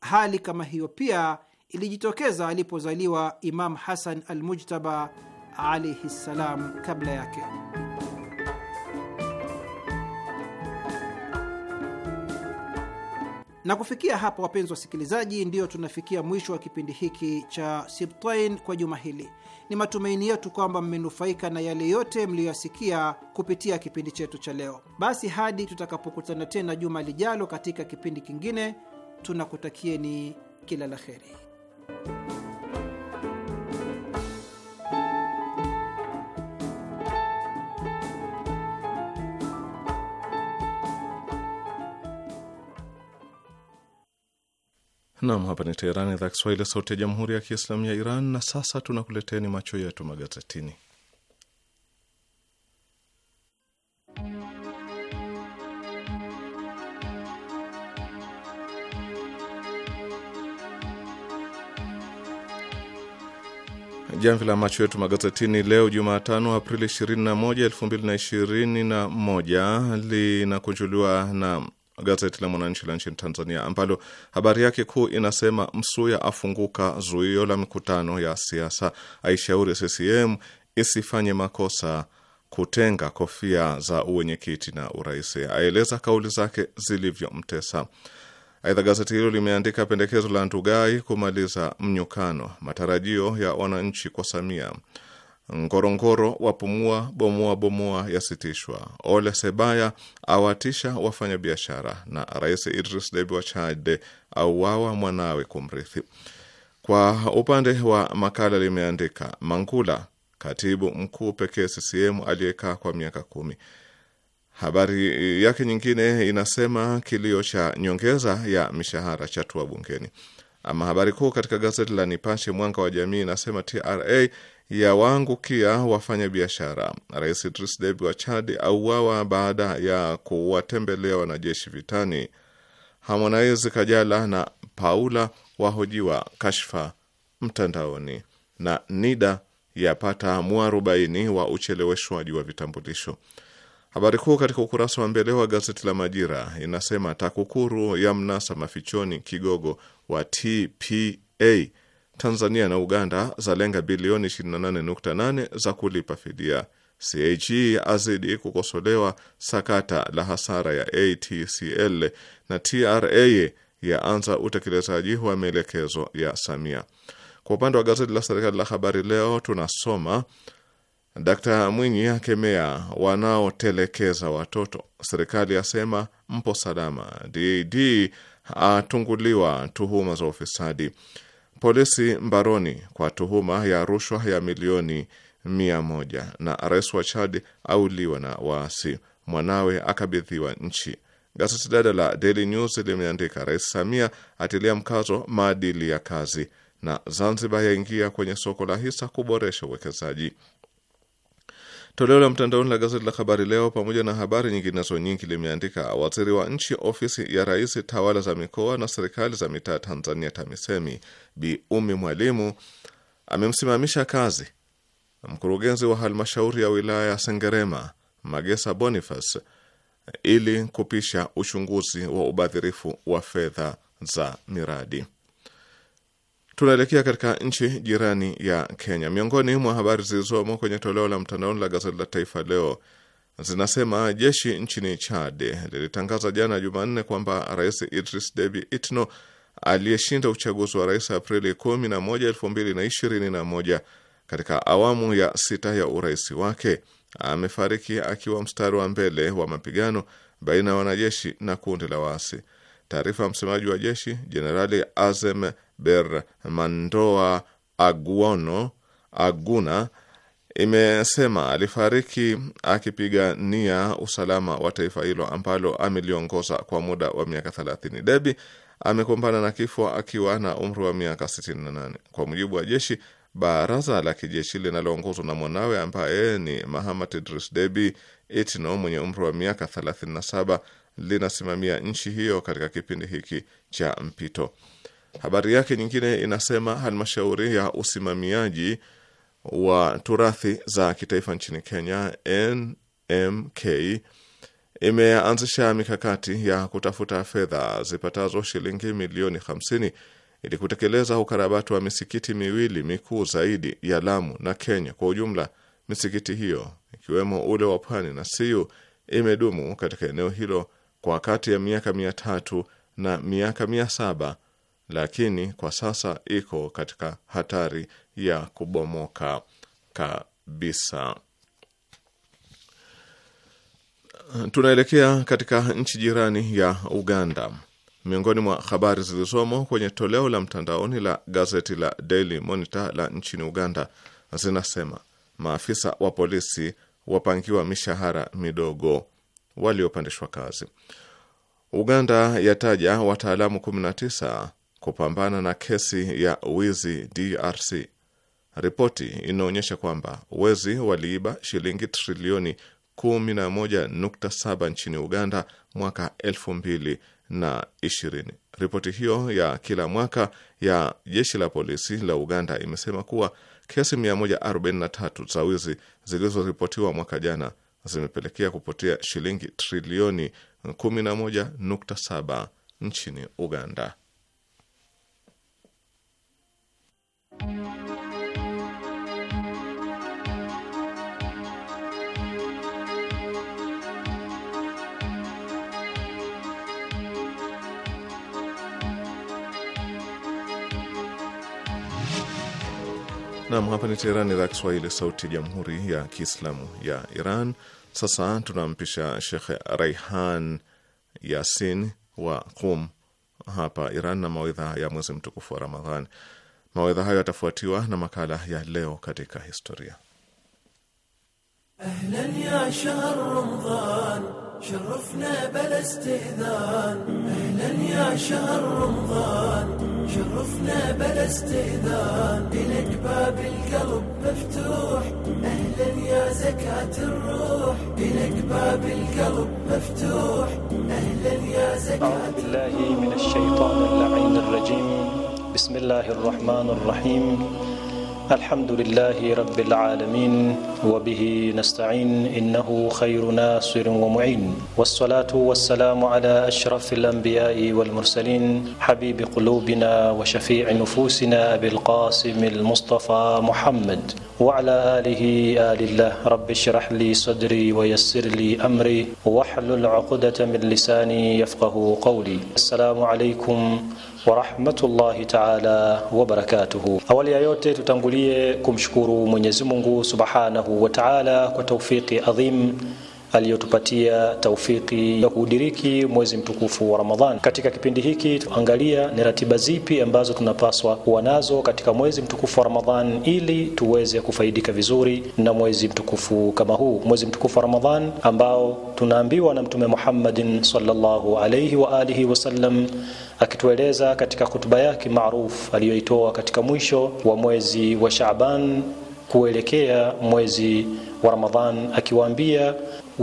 Hali kama hiyo pia ilijitokeza alipozaliwa Imam Hasan Almujtaba alaihi ssalam kabla yake. Na kufikia hapa, wapenzi wasikilizaji, ndiyo tunafikia mwisho wa kipindi hiki cha Sibtain kwa juma hili. Ni matumaini yetu kwamba mmenufaika na yale yote mliyoyasikia kupitia kipindi chetu cha leo. Basi hadi tutakapokutana tena juma lijalo katika kipindi kingine, tunakutakieni kila la heri. Nam, hapa ni Teherani, idhaa Kiswahili, sauti ya jamhuri ya kiislamu ya Iran. Na sasa tunakuleteni macho yetu magazetini. Jamvi la macho yetu magazetini leo Jumatano, Aprili 21, 2021 linakunjuliwa na gazeti la Mwananchi la nchini Tanzania, ambalo habari yake kuu inasema Msuya afunguka zuio la mikutano ya siasa, aishauri CCM isifanye makosa kutenga kofia za uwenyekiti na urais, aeleza kauli zake zilivyomtesa. Aidha, gazeti hilo limeandika pendekezo la Ndugai kumaliza mnyukano, matarajio ya wananchi kwa Samia Ngorongoro wapumua, bomoa bomoa yasitishwa. Ole Sebaya awatisha wafanyabiashara, na Rais Idris Deby wa Chad auawa mwanawe kumrithi. Kwa upande wa makala limeandika Mangula, katibu mkuu pekee CCM aliyekaa kwa miaka kumi. Habari yake nyingine inasema kilio cha nyongeza ya mishahara cha tua bungeni. Ama habari kuu katika gazeti la Nipashe Mwanga wa Jamii inasema TRA yawaangukia wafanya biashara. Rais Idris Deby wa Chad auawa baada ya kuwatembelea wanajeshi vitani. Harmonize, Kajala na Paula wahojiwa kashfa mtandaoni, na NIDA yapata mwarobaini wa ucheleweshwaji wa vitambulisho. Habari kuu katika ukurasa wa mbele wa gazeti la Majira inasema TAKUKURU ya mnasa mafichoni kigogo wa TPA. Tanzania na Uganda zalenga bilioni 28.8 za kulipa fidia. CAG azidi kukosolewa sakata la hasara ya ATCL na TRA yaanza utekelezaji wa maelekezo ya Samia. Kwa upande wa gazeti la serikali la Habari Leo tunasoma Dkt Mwinyi akemea wanaotelekeza watoto. Serikali asema mpo salama. DD atunguliwa tuhuma za ufisadi. Polisi mbaroni kwa tuhuma ya rushwa ya milioni mia moja. Na rais wa Chad auliwa na waasi, mwanawe akabidhiwa nchi. Gazeti dada la Daily News limeandika Rais Samia atilia mkazo maadili ya kazi, na Zanzibar yaingia kwenye soko la hisa kuboresha uwekezaji. Toleo la mtandaoni la gazeti la Habari Leo pamoja na habari nyinginezo nyingi limeandika waziri wa nchi ofisi ya rais tawala za mikoa na serikali za mitaa Tanzania TAMISEMI Bi Umi Mwalimu amemsimamisha kazi mkurugenzi wa halmashauri ya wilaya ya Sengerema Magesa Boniface ili kupisha uchunguzi wa ubadhirifu wa fedha za miradi. Tunaelekea katika nchi jirani ya Kenya. Miongoni mwa habari zilizomo kwenye toleo la mtandaoni la gazeti la Taifa Leo zinasema jeshi nchini Chad lilitangaza jana Jumanne kwamba Rais Idris Deby Itno aliyeshinda uchaguzi wa rais Aprili 11, 2021 katika awamu ya sita ya urais wake amefariki akiwa mstari wa mbele wa mapigano baina ya wanajeshi na kundi la waasi. Taarifa ya msemaji wa jeshi Jenerali Azem Bermandoa Aguono Aguna imesema alifariki akipigania usalama wa taifa hilo ambalo ameliongoza kwa muda wa miaka 30. Debi amekumbana na kifo akiwa na umri wa miaka 68. Kwa mujibu wa jeshi, baraza la kijeshi linaloongozwa na mwanawe ambaye ni Mahamat Idris Debi Itno mwenye umri wa miaka 37 linasimamia nchi hiyo katika kipindi hiki cha mpito. Habari yake nyingine inasema halmashauri ya usimamiaji wa turathi za kitaifa nchini Kenya NMK imeanzisha mikakati ya kutafuta fedha zipatazo shilingi milioni 50 ili kutekeleza ukarabati wa misikiti miwili mikuu zaidi ya Lamu na Kenya kwa ujumla. Misikiti hiyo ikiwemo ule wa Pwani na Siu imedumu katika eneo hilo kwa kati ya miaka mia tatu na miaka mia saba lakini kwa sasa iko katika hatari ya kubomoka kabisa. Tunaelekea katika nchi jirani ya Uganda. Miongoni mwa habari zilizomo kwenye toleo la mtandaoni la gazeti la Daily Monitor la nchini Uganda zinasema maafisa wa polisi wapangiwa mishahara midogo waliopandishwa kazi. Uganda yataja wataalamu 19 kupambana na kesi ya wizi DRC. Ripoti inaonyesha kwamba wezi waliiba shilingi trilioni 11.7 nchini Uganda mwaka 2020. Ripoti hiyo ya kila mwaka ya jeshi la polisi la Uganda imesema kuwa kesi 143 za wizi zilizoripotiwa mwaka jana zimepelekea kupotea shilingi trilioni 11.7 nchini Uganda. Nam, hapa ni Teherani, idhaa Kiswahili, sauti ya jamhuri ya kiislamu ya Iran. Sasa tunampisha Shekhe Raihan Yasin wa Qum hapa Iran na mawedha ya mwezi mtukufu wa Ramadhan. Mawedha hayo yatafuatiwa na makala ya leo katika historia. Ahlan ya shahr Ramadhan, sharafna bala istidhan. Ahlan ya shahr Ramadhan شرفنا بلا استئذان إلك باب القلب مفتوح أهلا يا زكاة الروح إلك باب القلب مفتوح أهلا يا زكاة الروح أعوذ بالله من الشيطان اللعين الرجيم بسم الله الرحمن الرحيم الحمد لله رب العالمين وبه نستعين إنه خير ناصر ومعين والصلاة والسلام على أشرف الأنبياء والمرسلين حبيب قلوبنا وشفيع نفوسنا أبي القاسم المصطفى محمد وعلى آله آل الله رب اشرح لي صدري ويسر لي أمري واحلل عقدة من لساني يفقه قولي السلام عليكم wa rahmatullahi taala wa barakatuhu. Awali ya yote tutangulie kumshukuru Mwenyezi Mungu subhanahu wa taala kwa taufiki adhim aliyotupatia taufiki ya kuudiriki mwezi mtukufu wa Ramadhani. Katika kipindi hiki tuangalia ni ratiba zipi ambazo tunapaswa kuwa nazo katika mwezi mtukufu wa Ramadhani ili tuweze kufaidika vizuri na mwezi mtukufu kama huu, mwezi mtukufu wa Ramadhani ambao tunaambiwa na Mtume Muhammadin sallallahu alayhi wa alihi wasallam akitueleza katika hutuba yake maarufu aliyoitoa katika mwisho wa mwezi wa Shaaban kuelekea mwezi wa Ramadhan akiwaambia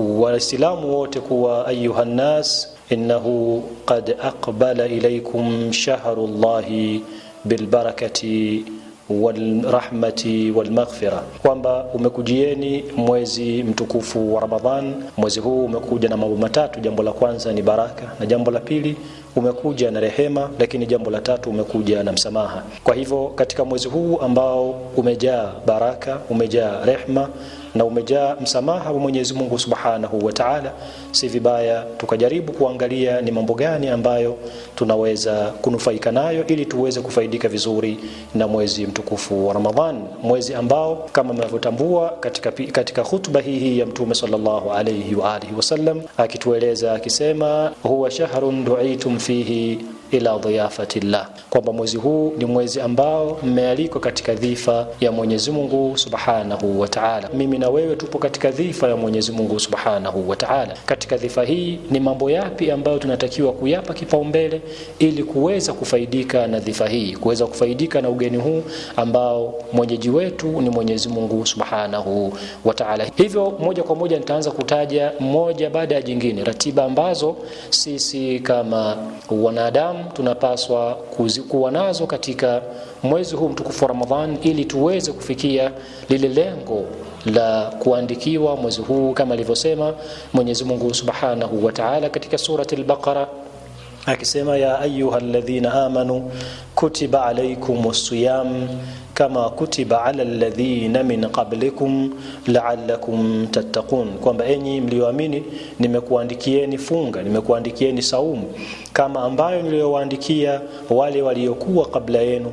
waislamu wote kuwa ayuha nnas innahu qad aqbala ilaikum shahru llahi bilbarakati walrahmati walmaghfira, kwamba umekujieni mwezi mtukufu wa Ramadhan. Mwezi huu umekuja na mambo matatu. Jambo la kwanza ni baraka, na jambo la pili umekuja na rehema, lakini jambo la tatu umekuja na msamaha. Kwa hivyo katika mwezi huu ambao umejaa baraka, umejaa rehma na umejaa msamaha wa Mwenyezi Mungu Subhanahu wa Ta'ala, si vibaya tukajaribu kuangalia ni mambo gani ambayo tunaweza kunufaika nayo ili tuweze kufaidika vizuri na mwezi mtukufu wa Ramadhan, mwezi ambao kama mnavyotambua katika, katika hutuba hii hii ya Mtume sallallahu alayhi wa alihi wasallam akitueleza akisema, huwa shahrun du'itum fihi ila dhiafati llah, kwamba mwezi huu ni mwezi ambao mmealikwa katika dhifa ya Mwenyezi Mungu subhanahu wa taala. Mimi na wewe tupo katika dhifa ya Mwenyezi Mungu subhanahu wa taala. Katika dhifa hii ni mambo yapi ambayo tunatakiwa kuyapa kipaumbele ili kuweza kufaidika na dhifa hii, kuweza kufaidika na ugeni huu ambao mwenyeji wetu ni Mwenyezi Mungu subhanahu wa taala. Hivyo moja kwa moja nitaanza kutaja moja baada ya jingine, ratiba ambazo sisi kama wanadamu tunapaswa kuwa nazo katika mwezi huu mtukufu wa Ramadhan ili tuweze kufikia lile lengo la kuandikiwa mwezi huu kama alivyosema Mwenyezi Mungu Subhanahu wa Ta'ala katika surati al-Baqara akisema ya ayyuhalladhina amanu kutiba alaykumus siyam kama kutiba ala alladhina min qablikum la'allakum tattaqun, kwamba enyi mlioamini, nimekuandikieni funga, nimekuandikieni saumu kama ambayo niliyowaandikia wale waliokuwa kabla yenu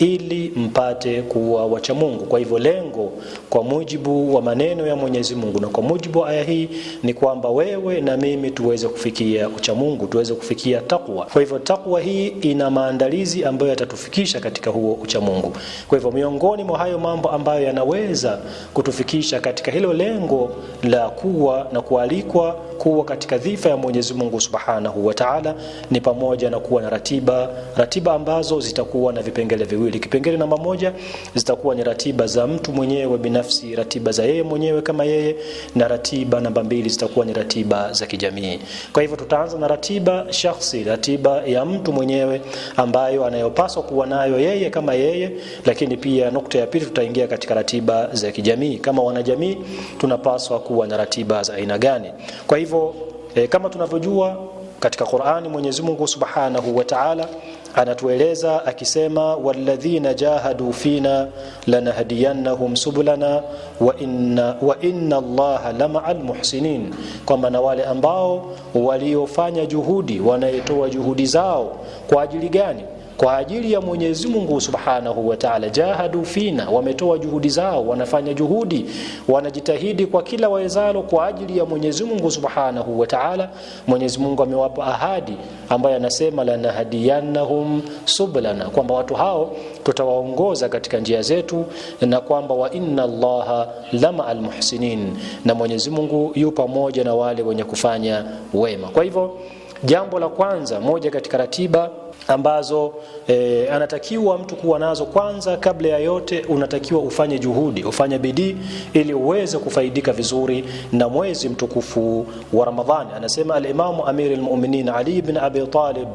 ili mpate kuwa wacha Mungu. Kwa hivyo lengo kwa mujibu wa maneno ya Mwenyezi Mungu na kwa mujibu wa aya hii ni kwamba wewe na mimi tuweze kufikia ucha Mungu, tuweze kufikia takwa. Kwa hivyo takwa hii ina maandalizi ambayo yatatufikisha katika huo ucha Mungu. Kwa hivyo miongoni mwa hayo mambo ambayo yanaweza kutufikisha katika hilo lengo la kuwa na kualikwa kuwa katika dhifa ya Mwenyezi Mungu Subhanahu wa Ta'ala ni pamoja na kuwa na ratiba, ratiba ambazo zitakuwa na vipengele viwili miwili. Kipengele namba moja zitakuwa ni ratiba za mtu mwenyewe binafsi, ratiba za yeye mwenyewe kama yeye, na ratiba namba mbili zitakuwa ni ratiba za kijamii. Kwa hivyo tutaanza na ratiba shakhsi, ratiba ya mtu mwenyewe ambayo anayopaswa kuwa nayo yeye kama yeye, lakini pia nukta ya pili tutaingia katika ratiba za kijamii. Kama wanajamii tunapaswa kuwa na ratiba za aina gani? Kwa hivyo e, kama tunavyojua katika Qur'ani Mwenyezi Mungu Subhanahu wa Ta'ala anatueleza akisema walladhina jahadu fina lanahdiyannahum subulana wa inna, wa inna allaha lamaa lmuhsinin, kwamba na wale ambao waliofanya juhudi wanayetoa juhudi zao kwa ajili gani? kwa ajili ya Mwenyezi Mungu Subhanahu wa Ta'ala. Jahadu fina, wametoa juhudi zao, wanafanya juhudi, wanajitahidi kwa kila wawezalo kwa ajili ya Mwenyezi Mungu Subhanahu wa Ta'ala. Mwenyezi Mungu amewapa ahadi ambayo anasema lanahadiyannahum sublana, kwamba watu hao tutawaongoza katika njia zetu, na kwamba wa inna Allaha lama almuhsinin, na Mwenyezi Mungu yu pamoja na wale wenye kufanya wema. Kwa hivyo jambo la kwanza, moja katika ratiba ambazo e, anatakiwa mtu kuwa nazo. Kwanza kabla ya yote, unatakiwa ufanye juhudi, ufanye bidii ili uweze kufaidika vizuri na mwezi mtukufu wa Ramadhani. Anasema al-Imam Amir al-Mu'minin Ali ibn Abi Talib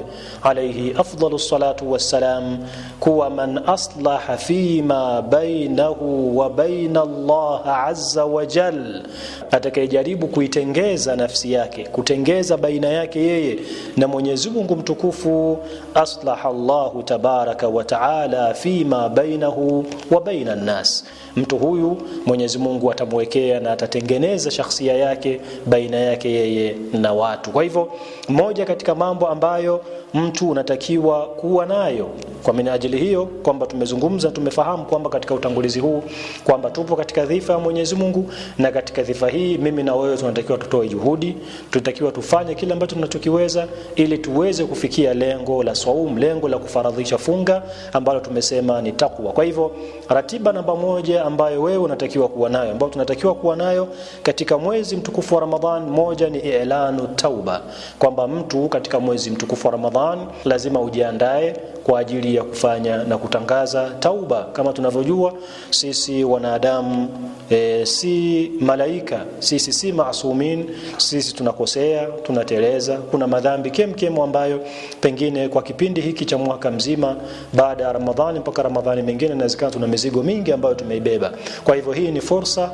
alayhi afdalu salatu wassalam, kuwa man aslaha ma bainahu wa baina Allah azza wa jal, atakayejaribu kuitengeza nafsi yake, kutengeza baina yake yeye na Mwenyezi Mungu mtukufu aslaha llahu tabaraka wataala taala fima bainahu wa nnas, mtu huyu Mwenyezi Mungu atamwekea na atatengeneza shakhsia yake baina yake yeye na watu. Kwa hivyo moja katika mambo ambayo mtu unatakiwa kuwa nayo. Kwa minajili hiyo kwamba tumezungumza, tumefahamu kwamba katika utangulizi huu kwamba tupo katika dhifa ya Mwenyezi Mungu, na katika dhifa hii mimi na wewe tunatakiwa tutoe juhudi, tunatakiwa tufanye kile ambacho tunachokiweza ili tuweze kufikia lengo la saum, lengo la kufaradhisha funga ambalo tumesema ni takwa. Kwa hivyo ratiba namba moja ambayo wewe unatakiwa kuwa nayo, ambayo tunatakiwa kuwa nayo katika mwezi mtukufu wa Ramadhan, moja ni i'lanu tauba, kwamba mtu katika mwezi mtukufu wa Ramadhan Ramadhan lazima ujiandae kwa ajili ya kufanya na kutangaza tauba. Kama tunavyojua sisi wanadamu e, si malaika, sisi si maasumin, sisi tunakosea, tunateleza. Kuna madhambi kemkemo ambayo pengine kwa kipindi hiki cha mwaka mzima baada ya Ramadhani mpaka Ramadhani mengine, inawezekana tuna mizigo mingi ambayo tumeibeba. Kwa hivyo hii ni fursa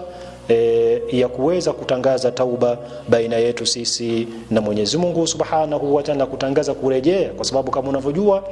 e, ya kuweza kutangaza tauba baina yetu sisi na Mwenyezi Mungu Subhanahu wa Ta'ala, kutangaza kurejea, kwa sababu kama unavyojua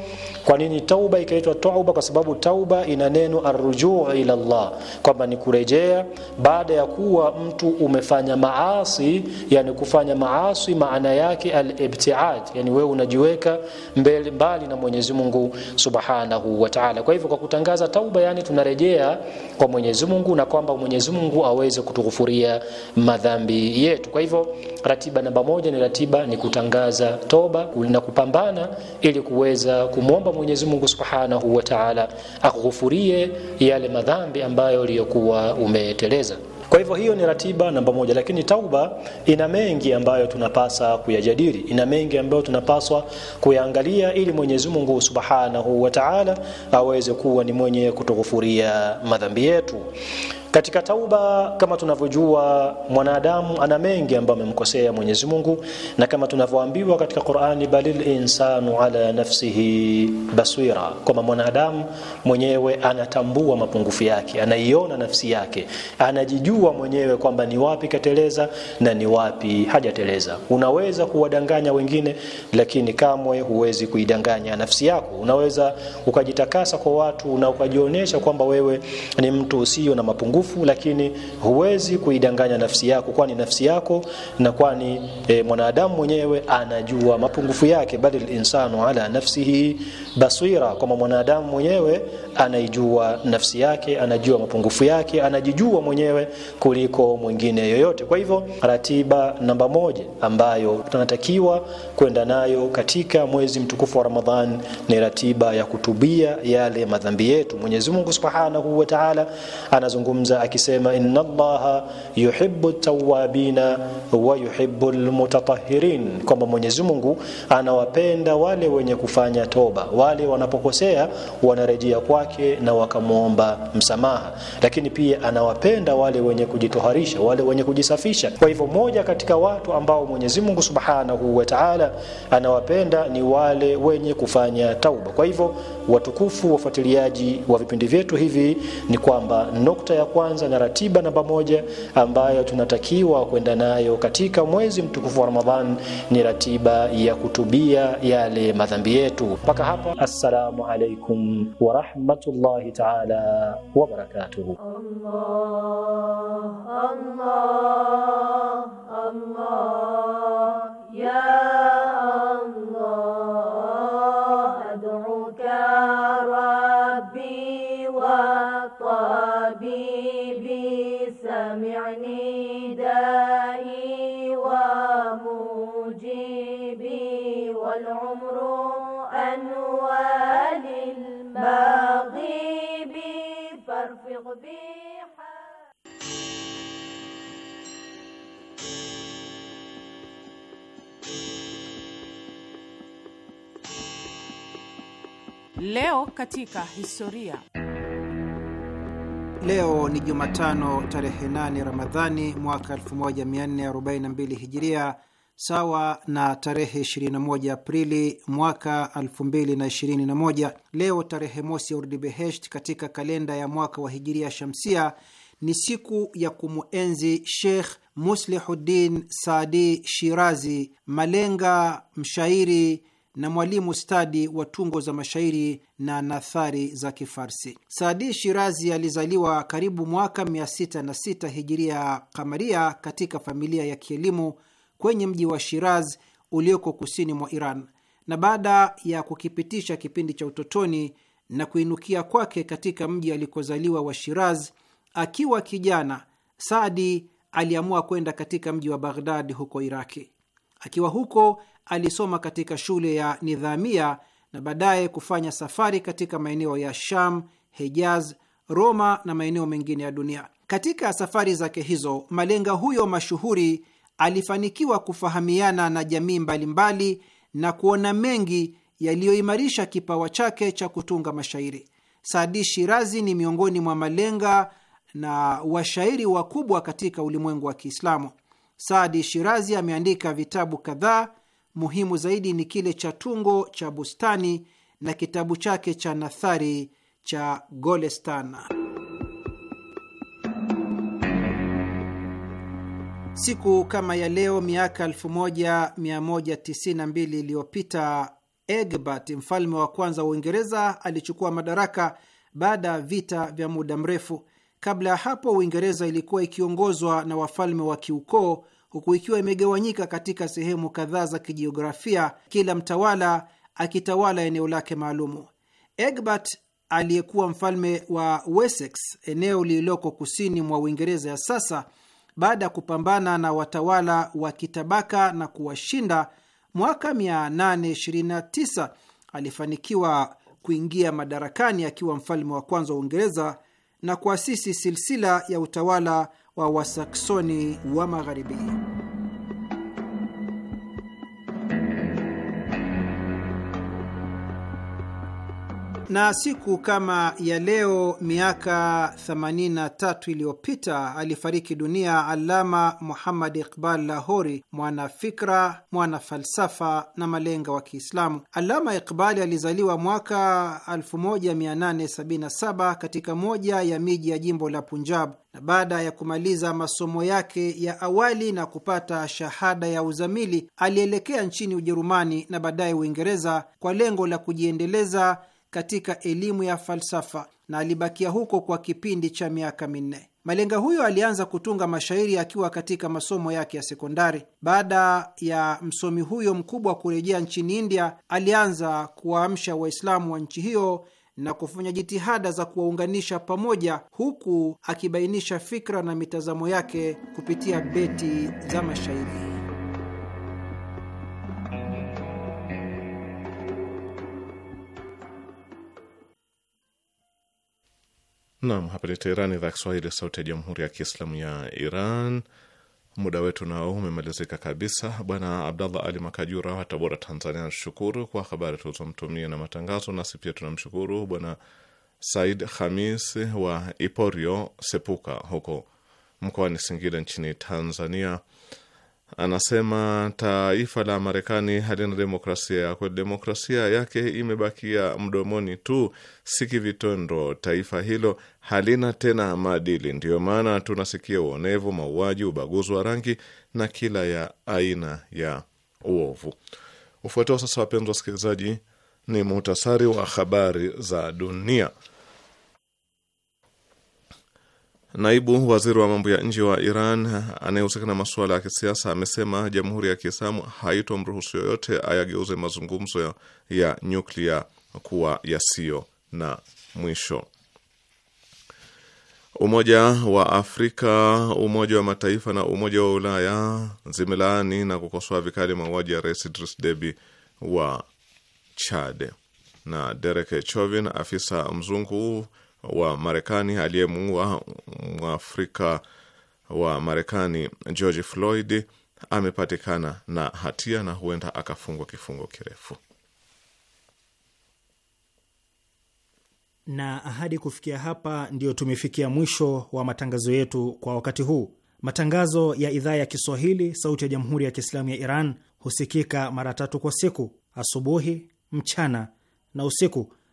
kwa nini tauba ikaitwa tauba, kwa sababu tauba ina neno arrujuu ila Allah, kwamba ni kurejea baada ya kuwa mtu umefanya maasi, yani kufanya maasi maana yake al-ibtiad, yani wewe unajiweka mbele mbali na Mwenyezi Mungu Subhanahu wa Ta'ala. Kwa hivyo kwa kutangaza tauba, yani tunarejea kwa Mwenyezi Mungu na kwamba Mwenyezi Mungu aweze kutughufuria madhambi yetu. Kwa hivyo ratiba namba moja ni ratiba ni kutangaza toba na kupambana ili kuweza kumwomba Mwenyezi Mungu Subhanahu wa Ta'ala akughufurie yale madhambi ambayo uliyokuwa umeteleza. Kwa hivyo hiyo ni ratiba namba moja, lakini tauba ina mengi ambayo tunapasa kuyajadili, ina mengi ambayo tunapaswa kuyaangalia ili Mwenyezi Mungu Subhanahu wa Ta'ala aweze kuwa ni mwenye kutughufuria madhambi yetu. Katika tauba kama tunavyojua mwanadamu ana mengi ambayo amemkosea Mwenyezi Mungu, na kama tunavyoambiwa katika Qur'ani, balil insanu ala nafsihi basira, kwamba mwanadamu mwenyewe anatambua mapungufu yake, anaiona nafsi yake, anajijua mwenyewe kwamba ni wapi kateleza na ni wapi hajateleza. Unaweza kuwadanganya wengine, lakini kamwe huwezi kuidanganya nafsi yako. Unaweza ukajitakasa kwa watu na ukajionyesha kwamba wewe ni mtu usio na mapungufu nguvu, lakini huwezi kuidanganya nafsi yako, kwani nafsi yako na kwani e, mwanadamu mwenyewe anajua mapungufu yake. Bali linsanu ala nafsihi basira, kwamba mwanadamu mwenyewe anaijua nafsi yake, anajua mapungufu yake, anajijua mwenyewe kuliko mwingine yoyote. Kwa hivyo ratiba namba moja ambayo tunatakiwa kwenda nayo katika mwezi mtukufu wa Ramadhan ni ratiba ya kutubia yale madhambi yetu. Mwenyezi Mungu Subhanahu wa Ta'ala anazungumza akizungumza akisema inna allaha yuhibbu tawabina wa yuhibbu lmutatahirin kwamba Mwenyezi Mungu anawapenda wale wenye kufanya toba wale wanapokosea wanarejea kwake na wakamwomba msamaha lakini pia anawapenda wale wenye kujitoharisha wale wenye kujisafisha kwa hivyo moja katika watu ambao Mwenyezi Mungu Subhanahu wa Ta'ala anawapenda ni wale wenye kufanya tauba kwa hivyo watukufu wafuatiliaji wa vipindi vyetu hivi ni kwamba nukta ya kwa kwanza na ratiba namba moja ambayo tunatakiwa kwenda nayo katika mwezi mtukufu wa Ramadhan ni ratiba ya kutubia yale madhambi yetu. Mpaka hapa, assalamu alaikum wa rahmatullahi taala wa Allah, Allah, Allah, ya Allah. Leo katika historia. Leo ni Jumatano tarehe 8 Ramadhani mwaka 1442 Hijiria, sawa na tarehe 21 Aprili mwaka 2021. Leo tarehe mosi ya Urdibehesht katika kalenda ya mwaka wa Hijiria Shamsia ni siku ya kumwenzi Sheikh Muslihuddin Saadi Shirazi, malenga, mshairi na mwalimu stadi wa tungo za mashairi na nathari za Kifarsi. Saadi Shirazi alizaliwa karibu mwaka 606 hijiria kamaria katika familia ya kielimu kwenye mji wa Shiraz ulioko kusini mwa Iran, na baada ya kukipitisha kipindi cha utotoni na kuinukia kwake katika mji alikozaliwa wa Shiraz, akiwa kijana Saadi aliamua kwenda katika mji wa Baghdad huko Iraki. Akiwa huko alisoma katika shule ya nidhamia na baadaye kufanya safari katika maeneo ya Sham, Hejaz, Roma na maeneo mengine ya dunia. Katika safari zake hizo, malenga huyo mashuhuri alifanikiwa kufahamiana na jamii mbalimbali mbali na kuona mengi yaliyoimarisha kipawa chake cha kutunga mashairi. Saadi Shirazi ni miongoni mwa malenga na washairi wakubwa katika ulimwengu wa Kiislamu. Saadi Shirazi ameandika vitabu kadhaa, muhimu zaidi ni kile cha tungo cha Bustani na kitabu chake cha nathari cha Golestana. Siku kama ya leo miaka 1192 iliyopita Egbert mfalme wa kwanza wa Uingereza alichukua madaraka baada ya vita vya muda mrefu. Kabla ya hapo, Uingereza ilikuwa ikiongozwa na wafalme wa kiukoo, huku ikiwa imegawanyika katika sehemu kadhaa za kijiografia, kila mtawala akitawala eneo lake maalumu. Egbert aliyekuwa mfalme wa Wessex, eneo lililoko kusini mwa Uingereza ya sasa baada ya kupambana na watawala wa kitabaka na kuwashinda, mwaka 829 alifanikiwa kuingia madarakani akiwa mfalme wa kwanza wa Uingereza na kuasisi silsila ya utawala wa Wasaksoni wa Magharibi. Na siku kama ya leo miaka 83 iliyopita alifariki dunia Alama Muhammad Iqbal Lahori, mwanafikra, mwanafalsafa na malenga wa Kiislamu. Alama Iqbali alizaliwa mwaka 1877 katika moja ya miji ya jimbo la Punjab na baada ya kumaliza masomo yake ya awali na kupata shahada ya uzamili alielekea nchini Ujerumani na baadaye Uingereza kwa lengo la kujiendeleza katika elimu ya falsafa na alibakia huko kwa kipindi cha miaka minne. Malenga huyo alianza kutunga mashairi akiwa katika masomo yake ya sekondari. Baada ya msomi huyo mkubwa kurejea nchini India, alianza kuwaamsha Waislamu wa nchi hiyo na kufanya jitihada za kuwaunganisha pamoja, huku akibainisha fikra na mitazamo yake kupitia beti za mashairi. Naam, hapa ni Teherani, idhaa Kiswahili, sauti ya jamhuri ya kiislamu ya Iran. Muda wetu nao umemalizika kabisa. Bwana Abdallah Ali Makajura wa Tabora, Tanzania, anashukuru kwa habari tulizomtumia na matangazo. Nasi pia tunamshukuru Bwana Said Khamis wa Iporio Sepuka huko mkoani Singida nchini Tanzania anasema taifa la Marekani halina demokrasia ya kweli. Demokrasia yake imebakia mdomoni tu, si kivitendo. Taifa hilo halina tena maadili. Ndiyo maana tunasikia uonevu, mauaji, ubaguzi wa rangi na kila ya aina ya uovu. Ufuatao sasa, wapenzi wasikilizaji, ni muhtasari wa habari za dunia. Naibu waziri wa mambo ya nje wa Iran anayehusika na masuala ya kisiasa amesema jamhuri ya Kiislamu haitomruhusu yoyote ayageuze mazungumzo ya, ya nyuklia kuwa yasiyo na mwisho. Umoja wa Afrika, Umoja wa Mataifa na Umoja wa Ulaya zimelaani na kukosoa vikali mauaji ya Rais Idris Deby wa Chad. Na Derek Chauvin, afisa mzungu wa Marekani aliyemuua Mwafrika wa Marekani George Floyd amepatikana na hatia na huenda akafungwa kifungo kirefu. Na ahadi kufikia hapa, ndiyo tumefikia mwisho wa matangazo yetu kwa wakati huu. Matangazo ya idhaa ya Kiswahili sauti ya Jamhuri ya Kiislamu ya Iran husikika mara tatu kwa siku: asubuhi, mchana na usiku.